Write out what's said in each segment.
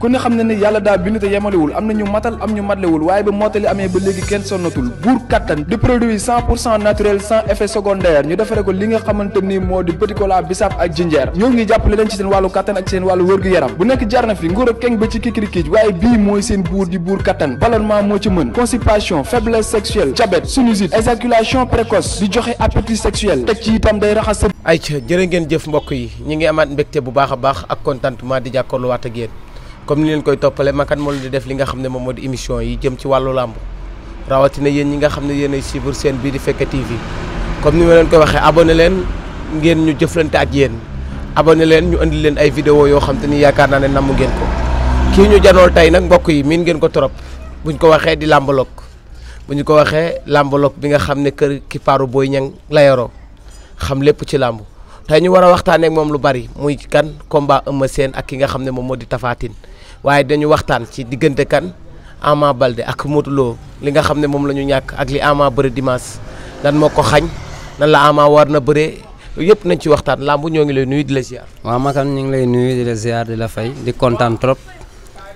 ku ne xam na ne yàlla daa bind te yemalewul am na ñu matal am ñu matlewul waaye ba mottali amee ba léegi kenn sonnatul buur kattan di produit cent pour cent naturel sans effet secondaire ñu defare ko li nga xamante ni moo di petit cola bisaab ak jinjeer ñoo ngi jàppale leen ci seen wàllu kattan ak seen wàllu wërgu yaram bu nekk jarna fi nguur ak keng ba ci kikirikiij waaye bii mooy seen buur di buur kattan ballonnement moo ci mën constipation faiblesse sexuelle diabète sinusite éjaculation précoce di joxe appétit ci itam day raxas sa ay jërë ngeen jëf mbokk yi ñi ngi amaat mbégte bu baax a baax ak contentement di jàkkoorluwaat ak comme ni leen koy toppale Makan moo leen di def li nga xam ne moom moo di émission yi jëm ci wàllu làmb rawatina yéen ñi nga xam ne yéen ay suivre seen bii di Fekke TV comme ni ma leen koy waxee abonné leen ngeen ñu jëflante ak yéen abonné leen ñu indi leen ay vidéo yoo xam te ni yaakaar naa ne namm ngeen ko kii ñu janool tey nag mbokk yi miin ngeen ko trop ñu ko waxee di làmbaloog bu ñu ko waxee làmbaloog bi nga xam ne kër Kipaaru Boy Niang la yoroo xam lépp ci làmb tey ñu war a waxtaanee moom lu bari muy kan combat Eumeu Sène ak ki nga xam ne moom moo di Tapha waaye dañu waxtaan ci diggante kan Ama Balde ak Modou li nga xam ne moom la ñu ñàkk ak li Ama bëre dimanche lan moo ko xañ na la Ama war na bëree yëpp nañ ci waxtaan làmb ñoo ngi lay nuyu di la ziar. waaw Makan ñu ngi lay nuyu di la ziar di la fay di kontaan trop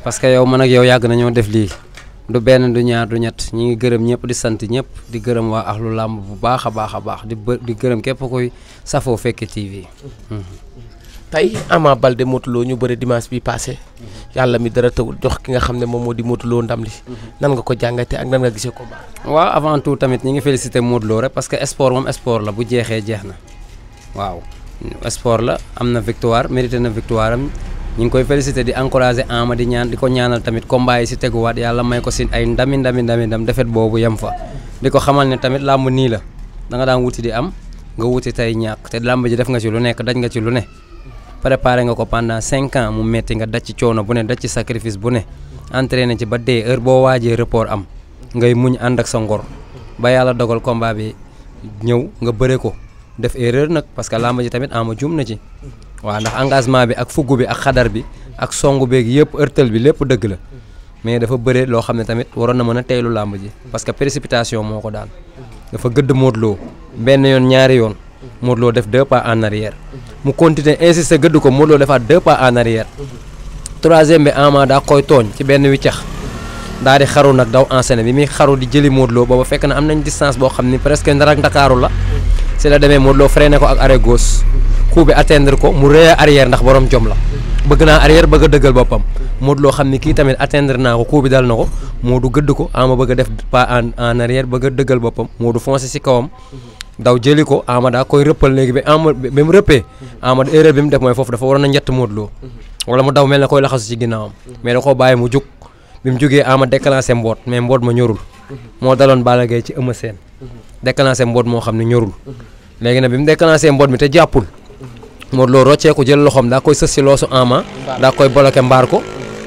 parce que yow man ak yow yàgg nañoo def lii du benn du ñaar du ñett ñi ngi gërëm ñëpp di sant ñëpp di gërëm waa lu làmb bu baax a baax a baax di di gërëm képp koy safoo Fekke TV. tey Ama Balde ñu bëri dimanche bi passé yàlla mi dara tawul jox ki nga xam ne moom moo di Modou Lo ndam li mhm. nan nga ko jàngatee ak nan nga gisee combat waaw avant tout tamit ñi ngi félicité Modou Lo rek parce sport moom sport la bu jeexee jeex na waaw sport la am na victoire mérité na victoire am ñu ngi koy félicité di encouragé Ama di ñaan di ko ñaanal tamit combat yi si teguwaat yàlla may ko si ay ndami ndami ndami ndam defet boobu yem fa di ko xamal ne tamit làmb nii la da nga daan préparé nga ko pendant cinq ans mu metti nga daj ci coono bu ne daj ci sacrifice bu ne entraîné ci ba dee heure boo waajee report am ngay muñ ànd ak sa ngor ba yàlla dogal combat bi ñëw nga bëre ko def erreur nag parce que làmb ji tamit ama juum na ci waaw ndax engagement bi ak fugg bi ak xadar bi ak songu beeg yëpp ërtël bi lépp dëgg la mais dafa bëre loo xam ne tamit waroon na mën a teylu làmb ji parce que précipitation moo ko daal dafa gëdd mootloo benn yoon ñaari yoon Modou loo def deux pas en arrière. mu continuer insister gëdd ko Modou Lo defaat deux pas en arrière. troisième bi Ama daa koy tooñ ci benn wiccax daa di xaru nag daw enchaîné bi muy xaru di jëli Modou Lo booba fekk na am nañ distance boo xam ni presque ndar ak ndakaaru la. si la demee Modou Lo freiné ko ak arrêt gauche. coup bi atteindre ko mu rëy arrière ndax borom jom la. bëgg naa arrière bëgg a dëggal boppam. Modou Lo xam ni kii tamit atteindre naa ko bi dal na ko. Modou gëdd ko Ama bëgg def pas en en arrière bëgg boppam si kawam. daw jëli ko daa koy rëppal léegi bi ama ba mu rëppee ama erreur bi mu def mooy foofu dafa waroon a njett Modou Lo wala mu daw mel ne koy laxasu ci ginnaawam mais da koo bàyyi mu jug bi mu jugee Ama déclenché mboot mais mboot ma ñorul moo daloon Balla Gaye ci Eumeu Sène déclenché mboot moo xam ne ñorul léegi nag bi mu déclenché mboot mi te jàppul Modou Lo roccee ko jël loxoom daa koy sës si loosu Ama daa koy bloqué mbaar ko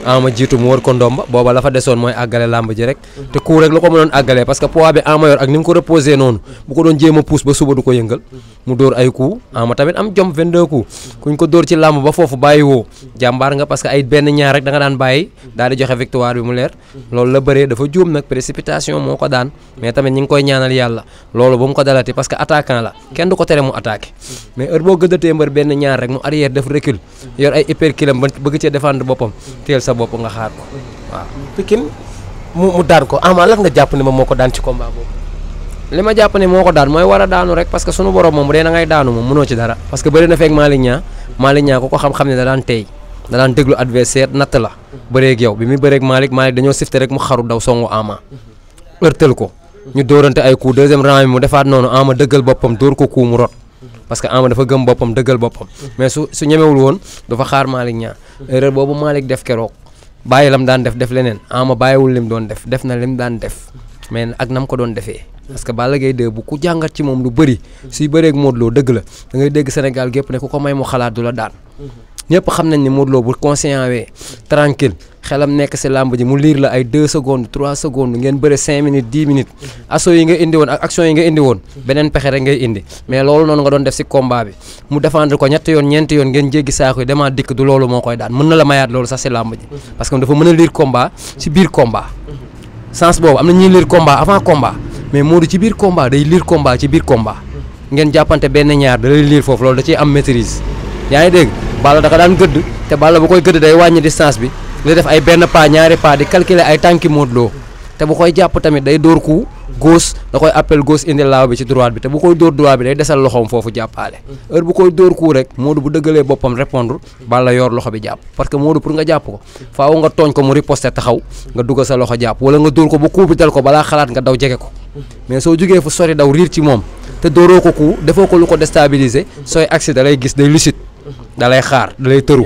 ama jiitu mu war ko ndomba booba la desoon mooy àggale làmb ji rek te ku rek la ko mënoon àggalee parce que poids bi ama yor ak ni mu ko reposé noonu bu ko doon jéem a ba suba du ko yëngal mu dóor ay coups ama tamit am jom 22 coups ba foofu bàyyi jàmbaar nga parce ay benn ñaar rek da daan bàyyi daal di joxe victoire bi mu leer loolu la bëree dafa juum nag précipitation moo ko daan mais tamit ñi ngi koy ñaanal yàlla loolu bu mu ko dalati bopp nga xaar ko waaw. Pikine mu mu daan ko Ama lan nga jàpp ne moom moo ko daan ci combat boobu. li ma jàpp ne moo ko daan mooy war a daanu rek parce que sunu borom moom bu dee na daanu moom mënoo ci dara parce que da daan da daan déglu adversaire natt la bëreeg yow bi muy bëreeg Malick Malick dañoo sifte rek mu xaru daw songu Ama ërtal ko ñu dóorante ay coup deuxième round bi mu defaat noonu Ama dëggal boppam dóor ko coup mu rot parce que dafa gëm boppam dëggal boppam mais su su ñemewul woon dafa xaar Malick Niang erreur boobu Malick bàyyi lam daan def def leneen ama ah, bàyyiwul lim doon def def na lim daan def mais ak nam ko doon defee. parce que Balla gay 2 bu ku jàngat ci moom lu bëri suy bëree ak Modou Lo dëgg la da ngay dégg Sénégal gépp ne ku ko may mu xalaat du la daan. Mm-hmm. ñëpp xam nañ ne Modou Lo bu conscient wee tranquille xelam nekk si làmb ji mu liir la ay 2 secondes 3 secondes ngeen bëre 5 minutes 10 minutes mhm. asso yi nga indi woon ak action yi nga indi woon mhm. beneen pexe ngay indi mais loolu noonu nga doon def si combat bi mu défendre ko ñetti yoon ñeenti yoon ngeen jéggi saako yi demaat dikk du loolu moo koy daan mën na la mayaat loolu sax si làmb ji mhm. parce que dafa mën a liir combat sens boobu am na ñuy liir combat avant combat mais Modou ci ci biir combat day li def ay benn pas ñaari pa di calculer ay tànki Modou Lo te bu koy jàpp tamit day dóor ku gauche da koy appel gauche indi laaw bi ci droite bi te bu koy dóor droite bi day desal loxoom foofu jàppaale heure bu koy dóor ku rek Modou bu dëggalee boppam répondre Balla yor loxo bi jàpp parce que Modou pour nga jàpp ko faaw nga tooñ ko mu riposter taxaw nga dugal sa loxo jàpp wala nga dóor ko bu kuu bi dal ko balaa xalaat nga daw jege ko mais soo jugee fu sori daw riir ci moom ko ku defoo ko lu ko déstabiliser sooy accident lay gis day lucide da lay xaar da lay tëru.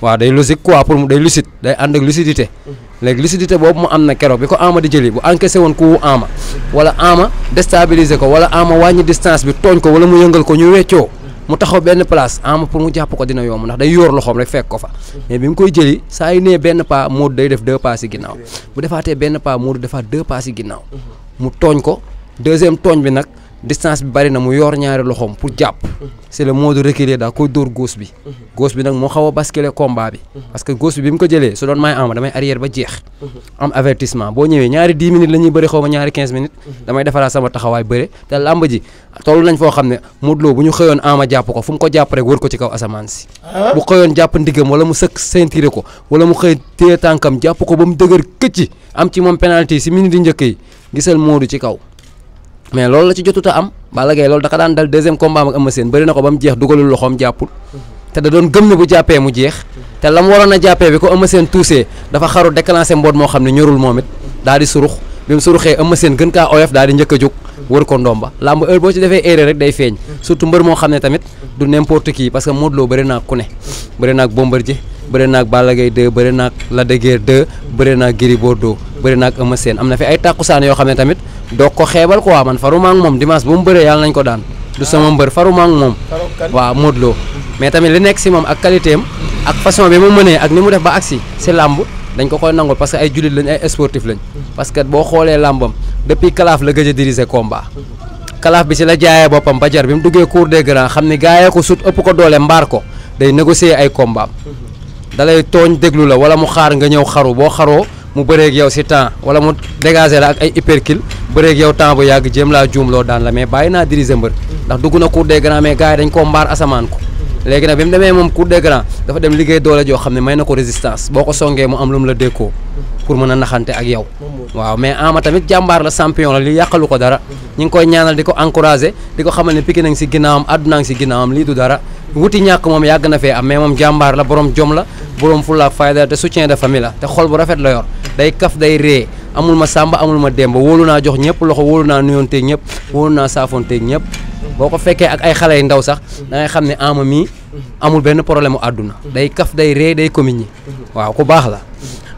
waaw day logique quoi pour day lucide day ànd ak lucidité. Mhm. léegi lucidité boobu mu am na keroog bi ko Ama di jëli bu encaissé woon ku Ama. wala Ama déstabiliser ko wala Ama wàññi distance bi tooñ ko wala mu yëngal ko ñu weccoo. mu taxaw benn place Ama pour mu jàpp ko dina yomb ndax day yóor loxoom rek fekk ko fa. Mhm. mais bi mu koy jëli saa yu nee benn pas Modou day def deux pas si ginnaaw. bu defaatee benn pas Modou defaat deux pas si ginnaaw. Mhm. distance bi bari na mu yor ñaari loxoom pour jàpp mhm. c'est le mot de reculer daa koy dóor gauche bi mhm. gauche bi nag moo xaw a basculer combat bi mhm. parce que gauche bi bi mu ko jëlee su doon may am damay arrière ba jeex am avertissement boo ñëwee ñaari 10 minutes la ñuy bëri xaw ma ñaari 15 minutes damay defaraat sama taxawaay bëre te làmb ji toll nañ foo xam ne Modou Lo bu ñu xëyoon ama jàpp ko fu mu ko jàpp rek wër ko ci kaw asamaan si ah. bu xëyoon jàpp ndigam ko wala mu xëy téye tànkam ko ba mu dëgër këcc ci moom penalty si minute yi njëkk yi gisal Modou ci kaw mais loolu la ci jotut a am Balla Gaye loolu daka daan dal deuxième combat ak Eumeu ko ba mu jeex dugalul loxoom jàppul te da doon gëm ne bu jàppee mu jeex te la mu waroon a jàppee bi ko Eumeu tuusee dafa xaru déclenché mboot moo xam ne ñorul moom it daal di surux bi mu suruxee Eumeu Sène gën kaa oyof daal di njëkk a jóg wër ko ndomba làmb heure ci defee erreur rek day feeñ surtout mbër moo xam ne tamit du n'importe qui parce que Modou Lo bëri naa ku ne bëri naag Bombardier bëri na fi ay tàkkusaan yoo xam doo ko xeebal quoi man faruma ak moom dimanche bu mu bëree yàlla nañ ko daan du sama mbër faruma ak moom waaw Modou Lo mais tamit li nekk si moom ak qualité am ak façon bi mu mënee ak ni mu def ba agsi si làmb dañ ko koy nangul parce que ay jullit lañ ay sportif lañ parce que boo xoolee làmbam depuis kalaaf la gëj a diriger combat kalaaf bi si la jaayee boppam ba jar bi mu duggee cour des grands xam ni gaayee ko sut ëpp ko doole mbaar ko day négocier ay combat mhm. tooñ déglu la wala mu xaar nga ñëw xaru boo xaroo mu bëreeg yow si temps wala mu dégagé la ak ay hypercule bëreeg yow temps bu yàgg jéem laa juumloo daan la mais bàyyi naa diriger mbër ndax dugg na cour des grands mais gars yi dañ koo mbaar asamaan ko léegi nag bi mu demee moom cour des grands dafa dem liggéey doole joo xam ne may na ko résistance boo ko songee mu am lu mu la dékkoo pour mën a naxante ak yow waaw mais Ama tamit jàmbaar la champion la li yàqalu ko dara ñi koy ñaanal di ko encouragé ko xamal ne Pikine a ngi si ginnaawam àdduna a ngi na fee am mais moom la borom jom la boroom fulla ak fayda te soutien de famille la te xol bu rafet la yor day kaf day ree amul ma sàmba amul ma demba wóolu naa jox ñëpp loxo wóolu naa nuyonteeg ñëpp wóolu naa saafonteeg ñëpp boo ko fekkee ak ay xale yu ndaw sax da xam ne ama mii amul benn problème mu day kaf day day communes waaw ku baax la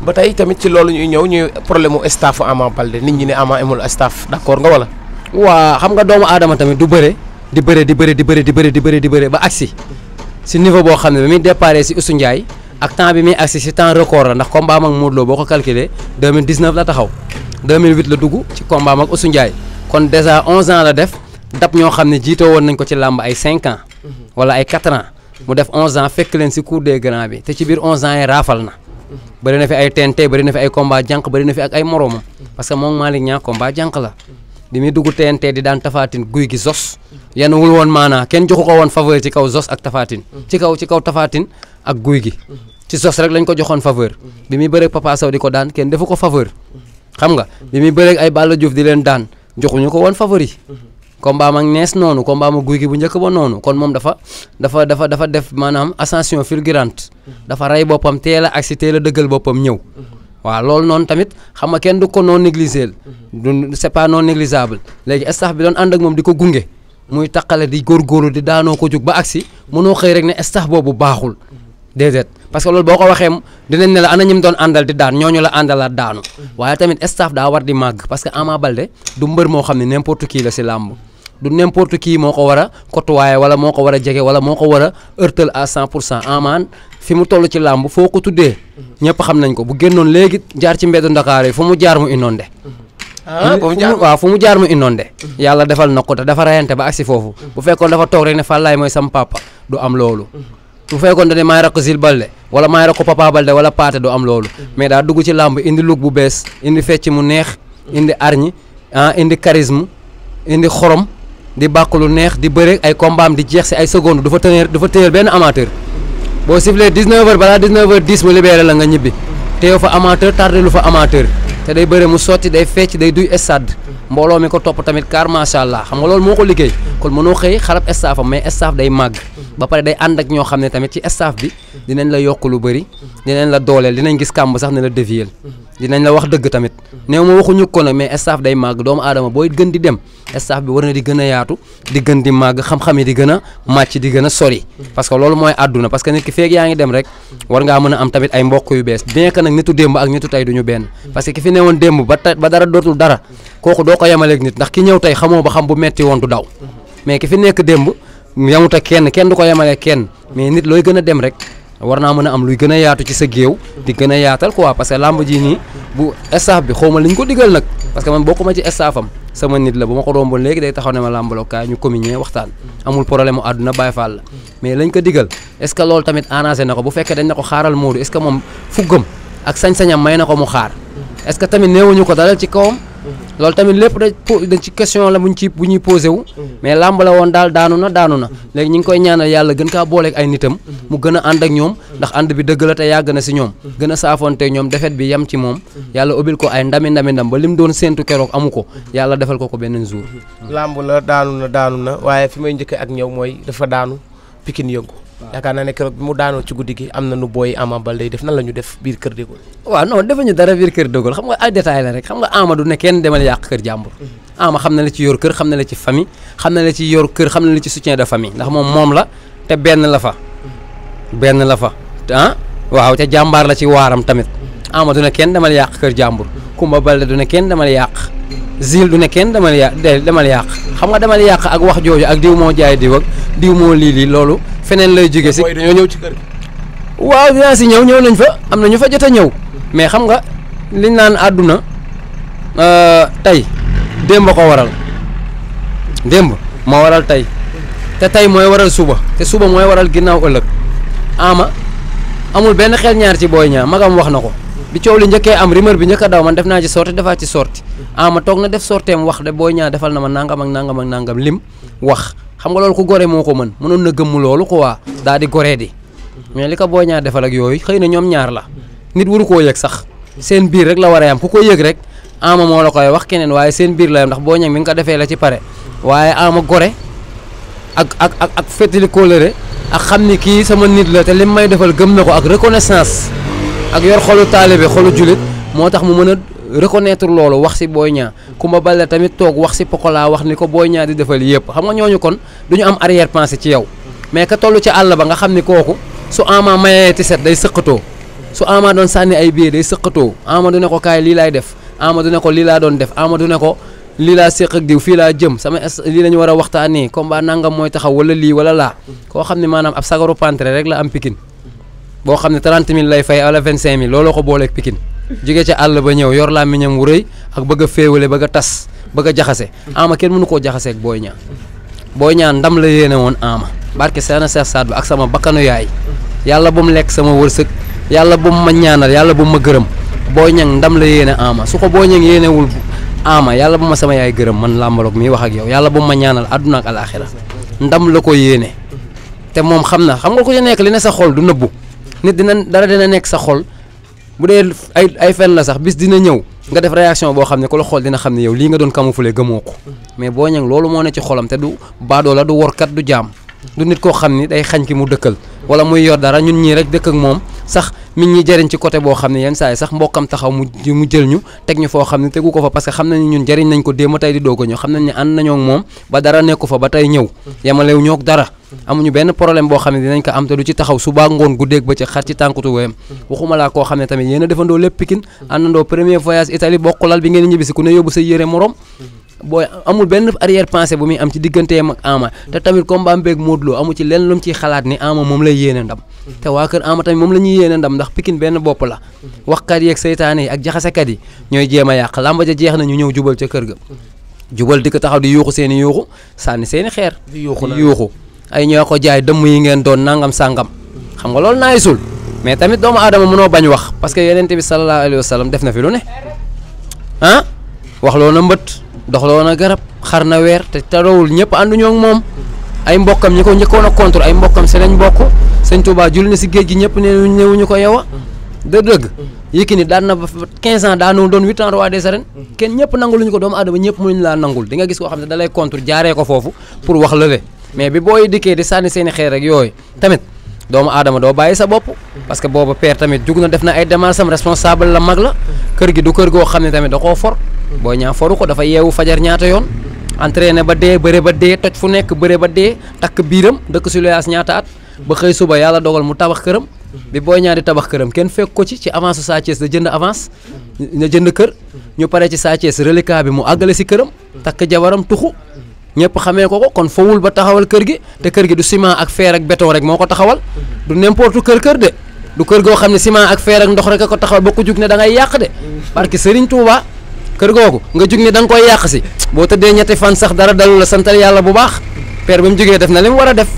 ba tey tamit ci loolu ñuy ñëw ñuy problème mu staff Ama nit ñi ne Ama amul staff d'accord nga wala. waa xam nga doomu aadama tamit du bëre di bëre di bëre di bëre di bëre di bëre di bëre ba agsi si niveau boo xam ne ba muy déparé si Ousseynou Ndiaye ak temps bi muy agsi si temps record la ndax combat am ak Modou Lo boo ko calculé 2019 la taxaw 2008 la dugg ci combat am ak Oussou kon déjà 11 ans la def dab ñoo xam ne jiitoo woon nañ ko ci làmb ay 5 ans. wala ay 4 ans. mu def 11 fekk leen si cour des grands bi te ci biir 11 ans yi raafal na. bëri na fi ay TNT bëri na fi ay combat jànq bëri na fi ak ay moromam. parce que moom Malick ñaa combat jànq la. bi muy dugg TNT di daan tafaatin guy gi zos. yan wul woon maanaa kenn joxu ko woon faveur ci kaw zos ak tafaatin. ci kaw ci kaw tafaatin ak guy gi. ci sos rek lañ ko joxoon faveur bi muy bëreeg Papa Sow di ko daan kenn defu ko faveur xam nga bi muy bëreeg ay Balla Diouf di leen daan joxuñu ko woon faveur yi. combat ma nees noonu combat ma guy gi bu njëkk ba noonu kon moom dafa dafa dafa dafa def maanaam ascension fulgurante dafa rey boppam teel a ak si teel a dëggal boppam ñëw waaw loolu noonu tamit xam nga kenn du ko non négligé du c'est pas non négligeable léegi staff bi doon ànd ak moom di ko gunge muy ba agsi mënoo parce que loolu boo ko waxee dinañ ne la ana ñim doon àndal di daan ñooñu la àndalaat daanu waaye tamit staff daa war di màgg parce que Ama Baldé du mbër moo xam ne n'importe qui la si làmb du n'importe qui moo ko war a côtoyer wala moo ko war a jege wala moo ko war a ërtal à 100 pour cent amaan fi mu toll ci làmb foo ko tuddee ñëpp xam nañ ko bu génnoon léegi jaar ci mbeddu Ndakaar yi fu mu jaar mu inondé ah waaw fu mu jaar mu inondé yàlla defal na ko te dafa rayante ba foofu bu fekkoon dafa toog rek ne Fàllaay mooy sam papa du am su fekkoon ne maay rakk Zil Balde wala maay rakk Papa Balde wala Paate du am loolu mais daa dugg ci làmb indi look bu bees indi fecc mu neex indi arñi ah indi charisme indi xorom di bàq lu neex di bëre ay kombaam di jeex si ay seconde du fa tëneer du fa tëneer benn amateur boo sifflee 19h balaa 19h10 mu libéré la nga ñibbi teew fa amateur tardé lu fa amateur te day bëre mu sotti day fecc day duy stade mbooloo mi ko topp tamit car macha allah xam nga loolu moo ko liggéey kon mënoo day màgg. ba pare day ànd ak ñoo xam ne tamit ci staff bi dinañ la yokk lu bëri dinañ la dooleel dinañ gis kàmb sax ne la dévier dinañ la wax dëgg tamit néew ma waxuñu ko nag mais staff day màgg doomu aadama booy gën di dem staff bi war na di gën a yaatu di gën di màgg xam-xam yi di gën a màcc di gën a sori parce que loolu mooy àdduna parce que nit ki feeg yaa ngi dem rek war ngaa mën a am tamit ay mbokk yu bees bien que nag nitu démb ak nitu tey duñu benn parce que ki fi newoon démb ba ba dara dootul dara kooku doo ko yemaleeg nit ndax ki ba xam bu metti woon du daw mais ki yamut ak kenn kenn du ko yemale kenn mais nit looy gën a dem rek war naa mën a am luy gën a yaatu ci sa géew di gën a yaatal quoi parce que làmb nii bu staff bi xaw ma li ko digal nag parce que man bokkuma ci staffam sama nit la bu ma ko romboon léegi day taxaw ne ma làmbaloo kaay ñu communier waxtaan amul problème àdduna Baye Fall la mais lañ ko digal est ce que loolu tamit arrangé na ko bu fekkee dañ na ko xaaral Modou est ce est loolu tamit lépp dañ ci question la buñ ci bu ñuy posé wu mhm. mais làmb la woon daal daanu na daanu na mhm. léegi ñu ngi koy ñaanal yàlla gën kaa booleeg ay nitam mhm. mu gën a ànd ak ñoom ndax ànd bi dëgg la te yàgg na si ñoom gën a saafonte ñoom defet bi yem ci moom yàlla ubbil ko ay ndami ndami ndam ba lim doon séentu keroog amu ko yàlla defal ko ko beneen jour làmb la daanu na daanu na waaye fi may njëkkee ak ñëw mooy dafa daanu pikin yëngu yaakaar naa ne keroog mu daanoo ci guddi gi am na nu booy Ama Baldé def la ñu def biir kër Dégol waaw non defuñu dara biir kër Dégol xam nga ay détail la rek xam nga Ama du ne kenn demal yàq kër jàmbur mm-hmm. Ama xam na la ci yor kër xam na la ci famille xam na la ci yor kër xam na la ci soutien de famille ndax moom moom la te benn la fa mm-hmm. benn la fa ah, waaw te jàmbaar la ci waaram tamit mm-hmm. Ama du ne kenn demal yàq kër jàmbur Kumba Baldé du ne kenn demal yàq Zil du ne kenn demal yàq demal yàq xam nga demal yàq ak wax jooju ak diw moo jaay diw ak diw moo lii lii loolu feneen lay jóge si dañoo ci kër waaw dinaa si ñëw ñëw nañ fa am na ñu fa jot a ñëw mais xam nga liñ naan àdduna euh, tey démb ko waral démb moo waral tey te tey mooy waral suba te suba mooy waral ginnaaw ëllëg ama amul benn xel ñaar ci booy ñaar magam wax na ko bi coow li njëkkee am rumeur bi njëkk a daw man def naa ci sorti defaat ci sorti ama toog na def sorteem wax de booy ñaar defal na ma nangam ak nangam ak nangam lim wax xam nga loolu ku gore moo ko mën mënoon na gëmm loolu waa daa di goree di mais li ko boo ñaar defal ak yooyu xëy na ñoom ñaar la nit waru koo yëg sax seen biir rek la waree am yam ku ko yëg rek ama moo la koy wax keneen waaye seen biir la yam ndax boo ñag mi nga ko defee la ci pare waaye ama gore ak ak ak ak fétali ak xam ni kii sama nit la te lim may defal gëm na ko ak reconnaissance ak yor xolu taalibe xolu julit moo tax mu mën a reconnaître loolu wax si Boy Niang Kumba Baldé tamit toog wax si Pokola wax ni ko booy Niang di defal yëpp xam nga ñooñu kon du ñu am arrière pensée ci yow mais ka toll ci àll ba nga xam ni kooku su ama mayee ti day sëqatoo su ama doon sànni ay biir day sëqatoo ama du ne ko kaay lii laay def ama du ne ko lii laa doon def ama du ne ko lii laa séq ak fii laa jëm sama lii la ñu war a waxtaanee combat nangam mooy taxaw wala lii wala laa koo xam ne maanaam ab sagaru pantre la am pikin boo xam ne 30 000 lay fay wala 25 000 jóge ca àll ba ñëw yor làmmiñam wu rëy ak bëgg a féewale bëgg a tas bëgg a jaxase ama kenn mënu koo jaxasee ak booy ñaan booy ñaan ndam la yéene woon ama barke seena seex saat bi ak sama bakkanu yaay yàlla bu mu lekk sama wërsëg yàlla bu mu ma ñaanal yàlla bu mu ma gërëm booy ñang ndam la yéene ama su ko booy ñang yéenewul ama yàlla bu ma sama yaay gërëm man làmbaloog mi wax ak yow yàlla bu mu ma ñaanal àdduna ak alaaxira ndam la ko yéene te xam na xam nga nekk li sa xol du nëbbu nit nekk sa xol bu dee ay ay fen la sax bis dina ñëw nga def réaction boo xam ne ku la xool dina xam ne yow lii nga doon camoufler gëmoo ko mais boo ñëw loolu moo ne ci xolam te du baadoo du workat du jaam du nit koo xam ni day xañ ki mu dëkkal wala muy yor dara ñun ñii rek dëkk ak moom sax mi ñi jëriñ ci côté boo xam ne yenn saa yi sax mbokkam taxaw mu jël ñu teg ñu foo xam ne tegu ko fa parce que xam nañu ñun jëriñ nañ ko démb tey di doog a ñëw xam nañ ne ànd nañoo moom ba dara nekku fa ba tey ñëw mm-hmm. yemalew ñoog dara amuñu benn problème boo xam ne dinañ ko am te du ci taxaw suba ngoon guddeeg ba ci xar ci tànkutu wéyam mm-hmm. waxuma koo xam ne tamit yéen a defandoo lépp Pikine àndandoo premier voyage Italie bokkulal bi ngeen ñibbisi ku ne yóbbu booy amul benn arrière pensée bu muy am ci digganteem ak Ama te tamit combat beeg Modou Lo amu ci lenn lu ci ciy xalaat ni Ama moom lay yéene ndam te waa kër Ama tamit moom la ñuy yéene ndam ndax Pikine benn bopp la waxkat yi ak seytaane yi ak jaxasekat yi ñooy jéem a yàq lamba a jeex na ñu ñëw jubal ca kër ga jubal di ko taxaw di yuuxu seen i yuuxu sànni seeni i xeer di yuuxu ay ñoo ko jaay dëmm yi ngeen doon nangam sàngam xam nga loolu naay sul mais tamit doomu aadama mënoo bañ wax parce que yeneen bi sallallahu alayhi wa sallam def na fi lu ah loo na mbët dox doxaloon na garab xar na weer te tarawul ñëpp ànduñoo ak moom ay mbokkam ñi ko njëkkoon a contre ay mbokkam si lañ bokk sëñ Touba julli na si géej gi ñëpp ne ñu ko yow a dëgg-dëgg Yékini daan na ba 15 ans daanoo doon 8 ans roi des arènes kenn ñëpp nanguluñu ko doomu aadama ñëpp mënuñu laa nangul di nga gis koo xam ne da lay contre jaaree ko foofu pour wax lële mais bi booy dikkee di sànni seen i xeer rek yooyu tamit doomu aadama doo bàyyi sa bopp parce que booba père tamit jug na def na ay démarches am responsable la mag la kër gi du kër goo xam ne tamit da koo for booy ñaa foru ko dafa yeewu fajar ñaata yoon entraîné ba dee bëre ba dee toj fu nekk bëre ba dee takk biiram dëkk si loyaas ñaata at ba xëy suba yàlla dogal mu tabax këram bi booy ñaa tabax këram kenn fekk ko ci ci avance Sa Thiès da jënd avance na jënd kër ñu pare ci Sa Thiès reliquat bi mu àggale si këram takk jabaram tuxu ñëpp xamee ko ko kon fowul ba taxawal kër gi te kër gi du ciment ak fer ak beto rek moo ko taxawal du n'importe kër kër de du kër goo xam ne ciment ak feer ak ndox rek a ko taxawal ba ko jóg ne da ngay yàq de parce que Serigne Touba kër googu nga jug ne da nga koy yàq si boo tëddee ñetti fan sax dara dalu la santal yàlla bu baax père ba mu jógee def na li mu war a def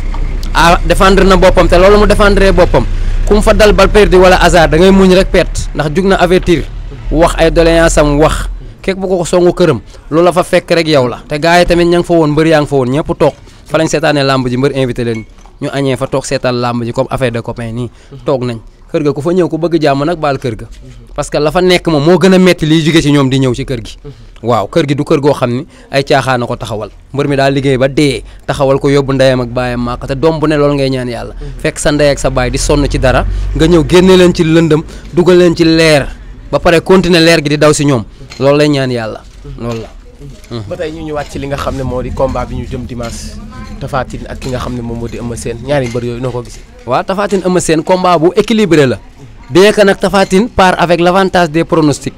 ah défendre na boppam te loolu mu défendre boppam ku mu fa dal bal perdu wala hasard da ngay muñ rek perte ndax jug na avertir wax ay doléance am wax képp bu ko songu këram loolu la fa fekk rek yow la te gars yi tamit ña fa woon mbër yaa nga fa woon ñëpp toog fa lañ seetaanee làmb ji mbër invité leen ñu añee fa toog seetaan làmb ji comme affaire de copain nii mhm. toog nañ kër ga ku fa ñëw ku bëgg jàmm nag baal kër ga parce la fa nekk moom moo gën a metti liy jóge ci ñoom di ñëw ci kër gi mhm. waaw kër gi du kër goo xam ni ay caaxaan ko taxawal mbër mi daal liggéey ba dee taxawal ko yóbbu ndeyam ak baayam ba pare continuer leer gi di daw si ñoom loolu lay ñaan yàlla loolu la. ba tey ñu ñëwaat ci li nga xam ne moo di combat bi ñu jëm dimanche Tapha ak ki nga xam ne moom moo di Eumeu Sène ñaari mbër yooyu noo ko gis waaw Tapha Tine Eumeu Sène combat bu équilibré la bien que nag Tapha par avec lavantage avantage des pronostics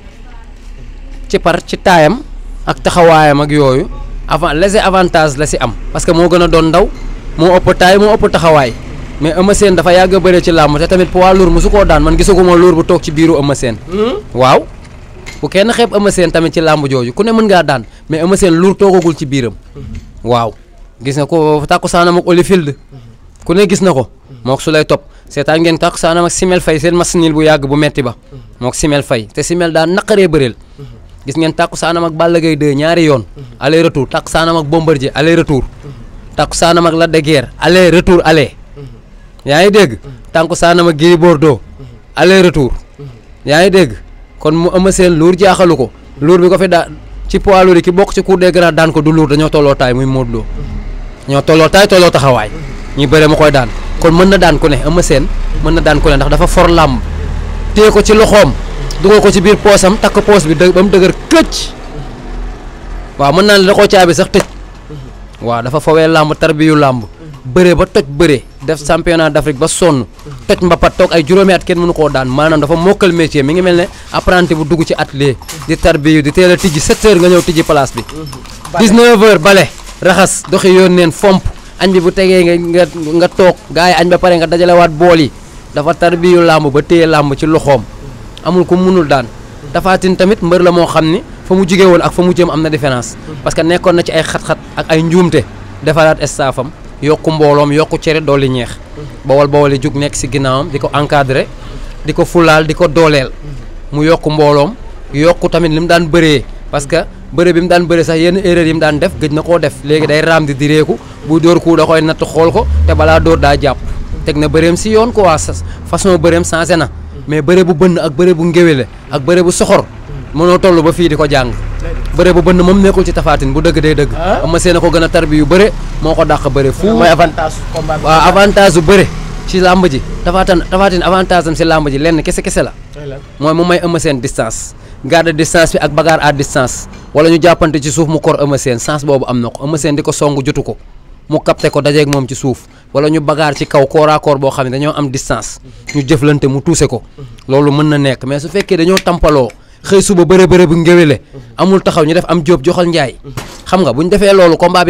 ci par ci taayam ak taxawaayam ak yooyu avant les avantage la si am parce que moo gën a doon ndaw moo ëpp taay moo ëpp taxawaay. mais Eumeu Sène dafa yàgg a bëre ci làmb te tamit poids lourd mosu koo daan man gisaguma lourd bu toog ci biiru Eumeu Sène hmm? waaw bu kenn xeeb Eumeu tamit ci làmb jooju ku ne mën ngaa daan mais Eumeu Sène toogagul ci biiram hmm. waaw gis nga ko tàkkusaanam ak Holyfield hmm. ku ne gis na ko mook su lay topp seetaan ngeen tàkkusaanam ak Simel Faye seen masinil bu yàgg bu metti ba mook Simel Faye te Simel daan naqaree bëreel gis ngeen tàkkusaanam ak Balla Gaye 2 ñaari yoon aller retour tàkkusaanam ak Bombardier aller retour tàkkusaanam ak Lac de Guiers yaa ngi dégg tànku saanama Gris Bordeaux aller retour yaa ngi dégg kon mu Eumeu Sène luur jaaxalu ko luur bi ko fi daan ci poids lourd yi ki bokk ci cour des grands daan ko du luur dañoo tolloo taay ñu bëre ma koy daan kon mën na daan ku ne Eumeu Sène mën na daan ku ne ndax dafa for làmb téye ko ci loxoom dugal ko ci biir poosam takk poos bi dë ba mu dëgër këcc waaw mën naa ne da koo caabi sax tëj waaw dafa fawee làmb tarbiyu làmb bëre ba toj bëre def championnat d'Afrique ba sonn toj mbapat toog ay juróomi at kenn mënu koo daan maanaam dafa mokkal métier mi ngi mel ne apprenti bu dugg ci atelier di tarbiyu di teel a tijji 7 heures nga ñëw tijji place bi 19 heures bale raxas doxi yoon neen fomp añ bi bu tegee nga nga toog gars añ ba pare nga dajalewaat bool yi dafa tarbiyu làmb ba téye làmb ci loxoom amul ku mënul daan dafaatin tamit mbër la moo xam ni fa mu jugee woon ak fa mu jëm am na différence hmm. parce que nekkoon na ay xat-xat ak ay njuumte yokku mbooloom yokk cere dolli ñeex bawal bawal yi jug nekk si ginnaawam di ko encadré di ko fulaal di ko dooleel mu yokk mbooloom yokk tamit li mu daan bëree parce que bëre bi mu daan bëre sax yenn erreur yi mu daan def gëj na koo def léegi day raam di direeku buy dóor ku da koy natt xool ko te balaa dóor daa jàpp teg na bëreem si yoon ko waa façon bëreem changé na mais bëre bu bënn ak bëre bu ngéwéle ak bëre bu soxor mënoo toll ba fii di ko jàng bëre bu bënn moom nekkul ci tafaatin bu dëgg day dëgg ah. ama seen a gën a tarbi yu bëre moo ko dàq bëre fu mooy avantage combat waaw avantage bu bëre ci làmb ji tafaatan tafaatin avantage am si làmb ji lenn kese kese la mooy mu may ëma distance garde distance bi ak bagarre à distance wala ñu jàppante ci suuf mu kor ëma seen sens boobu am na ko ëma seen di ko song jotu ko mu capté ko dajeeg moom ci suuf wala ñu bagaar ci kaw corps boo xam ne dañoo am distance mhm. ñu jëflante mu tuuse ko mhm. loolu na nekk mais su fekkee dañoo tampaloo xëy suba bëre bëre bu ngéwéle amul taxaw ñu def am jóob joxal njaay xam nga bu ñu defee loolu combat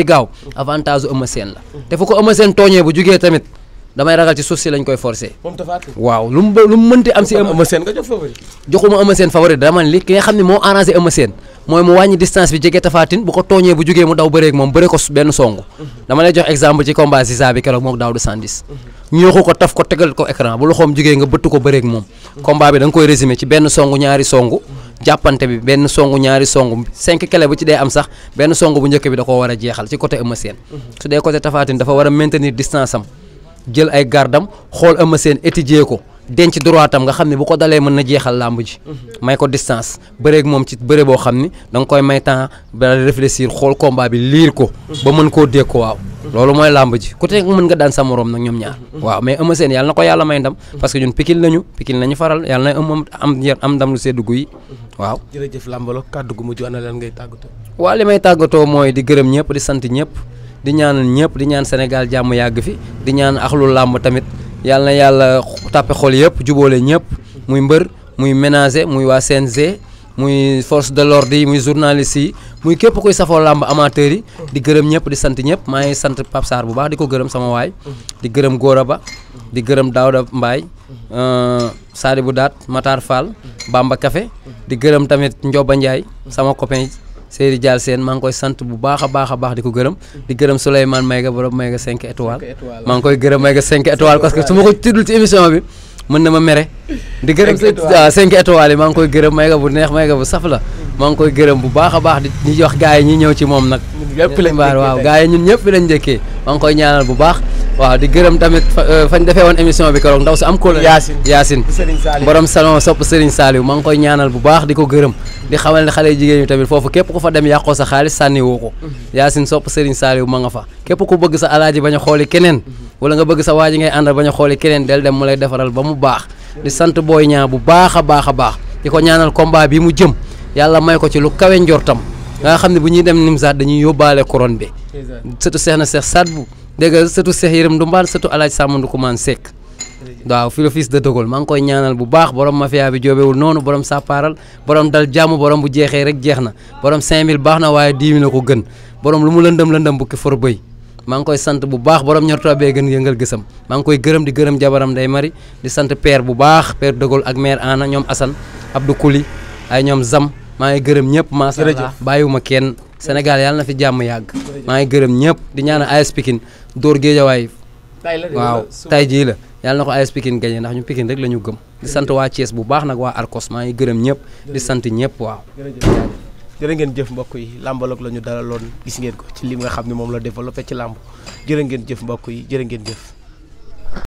moo arrangé Eumeu mooy mu wàññi distance bi jege tafaatin bu ko tooñee bu jugee mu daw bëreeg moom bëre ko benn song dama lay jox exemple ci combat Ziza bi keroog mook Daouda Sandis ñooxu ko taf ko tegal ko écran bu loxoom jugee nga bëtt ko bëreeg moom combat bi da koy résumé ci benn song ñaari song jàppante bi benn songu ñaari songu cinq kele bu ci dee am sax benn songu bu njëkk bi da koo war a jeexal ci côté Eumeu Sène mhm. su dee côté Tapha dafa war a maintenir distance am jël ay gardam xool Eumeu Sène étudier ko denc droit am nga xam ne bu ko dalee mën na jeexal làmb ji. Mhm. may ko distance bëreeg moom ci bëre boo xam ni da nga koy may temps ba réfléchir xool combat bi liir ko. ba mën koo dégg ko waaw. loolu mooy làmb ji ku te mën nga daan sa morom nag ñoom ñaar waaw mais Eumeu seen yàlla na ko yàlla may ndam parce que ñun Pikine lañu Pikine lañu faral yàlla na Eumeu am am ndam lu seddu guy waaw jërëjëf làmbalo kàddu gu mujj ana lan ngay tàggatoo waaw li may tàggatoo mooy di gërëm ñëpp di sant ñëpp di ñaan ñëpp di ñaan Sénégal jàmm yàgg fi di ñaan axlu làmb tamit yàlla na yàlla tàppe xol yëpp juboole ñëpp muy mbër muy ménager muy waa CNG muy force de l'ordre yi muy journaliste yi muy képp kuy safoo làmb amateur yi di gërëm ñëpp di sant ñëpp maa ngi sant Pape Sarr bu baax di ko gërëm sama waay di gërëm Gora Ba di gërëm Daouda Mbaye euh, bu Daat Matar Fall Bamba Café di gërëm tamit Ndioba Ndiaye sama copain Seydi Dial Sène maa ngi koy sant bu baax a baax a baax di ko gërëm di gërëm Souleymane Mayga borom Mayga 5 étoiles maa ngi koy gërëm Mayga 5 étoiles parce que su ma ko tuddul mën na ma mere di gërëm sa cinq étoiles yi maa ngi koy gërëm may nga bu neex may nga bu saf la maa ngi koy gërëm bu baax a baax di di wax gars yi ñi ñëw ci moom nag mbaar waaw gars yi ñun ñëpp fi lañ njëkkee maa ngi koy ñaanal bu baax waaw di gërëm tamit euh, fañ defee woon émission bi keroog ndaw si am ko Yacine borom salon sopp Serigne Saliou maa ngi koy ñaanal bu baax di ko gërëm di xamal ne xale jigéen ñi tamit foofu képp ku fa dem yàqoo sa xaalis sànni woo ko mm-hmm. Yacine sopp Serigne Saliou ma nga fa képp ku bëgg sa alaaji bañ a xooli keneen wala nga bëgg sa waa ji ngay àndal bañ a xooli keneen del dem mu lay defaral ba mu baax di sant booy ñaa bu baax a baax a baax di ko ñaanal combat bi mu jëm yàlla may ko ci lu kawe njortam nga xam ne bu ñuy dem Nimzaat dañuy yóbbaale couronne bi surtout seex na seex saat bu dégg nga surtout seex yërëm du mbaal surtout alaaj sàmmandu kumaan sekk waaw fi le fils de Dogol maa ngi koy ñaanal bu baax borom mafia bi joobewul noonu borom sàppaaral borom dal jàmm borom bu jeexee rek jeex na borom 5000 baax na waaye 10 000 na ko gën borom lu mu lëndëm lëndëm bukki for bëy maa ngi koy sant bu baax borom ñor toobee gën yëngal gësam maa ngi koy gërëm di gërëm jabaram day mari di sant père bu baax père Degol ak mère Anna ñoom Assane Abdou Kouli ay ñoom Zam maa ngi gërëm ñëpp macha allah bàyyiwuma kenn Sénégal yàlla na fi jàmm yàgg maa ngi gërëm ñëpp di ñaanal AS Pikine dóor géejawaay waaw tay jii la yàlla na ko AS Pikine gañe ndax ñu Pikine rek la ñu gëm di sant waa Thiès bu baax nag waa Arcos maa ngi gërëm ñëpp di sant ñëpp waaw jërë ngeen jëf mbokk yi làmbaloog la ñu dalaloon gis ngeen ko ci li nga xam ne moom la développé ci làmb jërë ngeen jëf mbokk yi jërë ngeen jëf